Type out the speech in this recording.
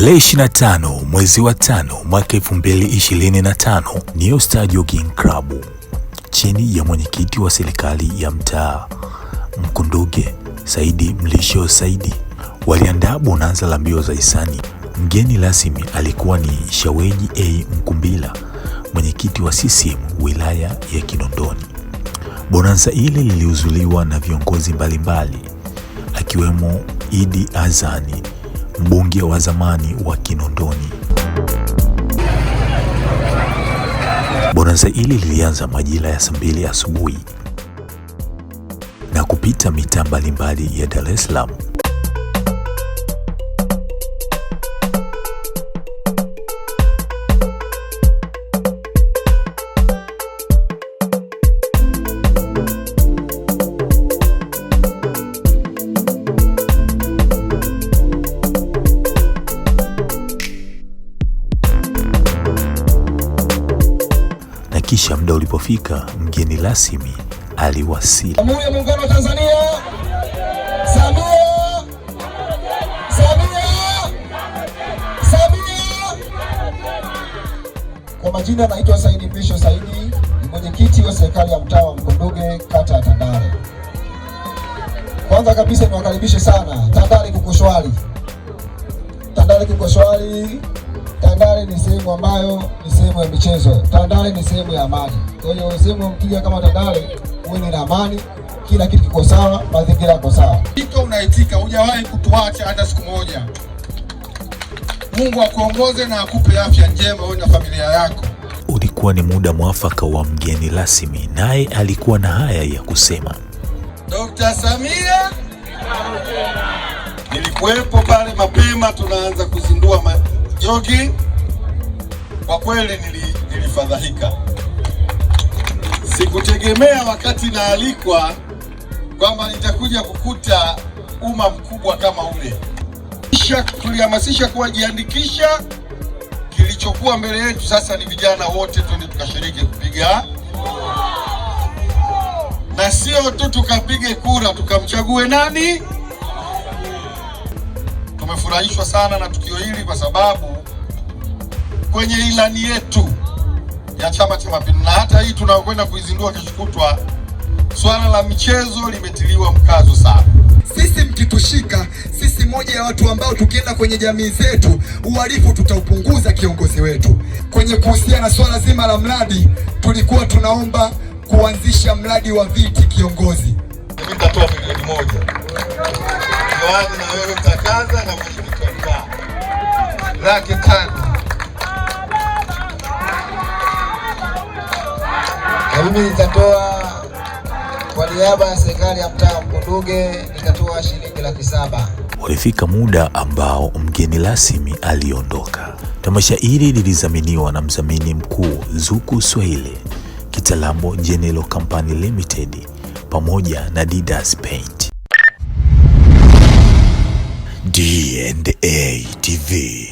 Tarehe 25 mwezi wa tano mwaka 2025, New Star Jogging Club chini ya mwenyekiti wa serikali ya mtaa Mkunduge Saidi Mlisho Saidi waliandaa bonanza la mbio za hisani. Mgeni rasmi alikuwa ni Shaweji A Mkumbila, mwenyekiti wa CCM wilaya ya Kinondoni. Bonanza ile lilihudhuriwa na viongozi mbalimbali akiwemo Idi Azani mbunge wa zamani wa Kinondoni. Bonanza hili lilianza majira ya saa mbili asubuhi na kupita mitaa mbalimbali ya Dar es Salaam. Kisha muda ulipofika, mgeni rasmi aliwasili. Jamhuri ya Muungano wa Tanzania, Samia Kwa majina anaitwa Saidi Mrisho Saidi, ni mwenyekiti wa serikali ya mtaa wa Mkunduge, kata ya Tandale. Kwanza kabisa niwakaribishe sana Tandale, kuko shwari. Tandale kuko shwari. Tandale ni sehemu ambayo ni sehemu ya michezo. Tandale ni sehemu ya amani. Kwa hiyo sehemu mkija kama Tandale uwe na amani, kila kitu kiko sawa, mazingira yako sawa. Iko unaitika, hujawahi kutuacha hata siku moja. Mungu akuongoze na akupe afya njema wewe na familia yako. Ulikuwa ni muda mwafaka wa mgeni rasmi, naye alikuwa na haya ya kusema. Dr. Samia nilikuwepo pale mapema, tunaanza kuzindua ma Jogi, kwa kweli nilifadhaika, sikutegemea wakati naalikwa kwamba nitakuja kukuta umma mkubwa kama ule. Tulihamasisha kuwajiandikisha, kilichokuwa mbele yetu sasa ni vijana wote, twende tukashiriki kupiga na sio tu tukapige kura tukamchague nani. Tumefurahishwa sana na tukio hili kwa sababu kwenye ilani yetu ya Chama cha Mapinduzi, na hata hii tunayokwenda kuizindua kesho kutwa, swala la michezo limetiliwa mkazo sana. Sisi mkitushika, sisi moja ya watu ambao tukienda kwenye jamii zetu uhalifu tutaupunguza. Kiongozi wetu kwenye kuhusiana na swala zima la mradi, tulikuwa tunaomba kuanzisha mradi wa viti. Kiongozi, nitatoa milioni moja na wewe utakaza na laki tano Mimi nitatoa kwa niaba ya serikali ya mtaa Mkunduge nitatoa shilingi laki saba. Ulifika muda ambao mgeni rasmi aliondoka. Tamasha hili lilizaminiwa na mzamini mkuu Zuku Swahili, Kitalambo General Company Limited pamoja na Didas Paint. D&A TV.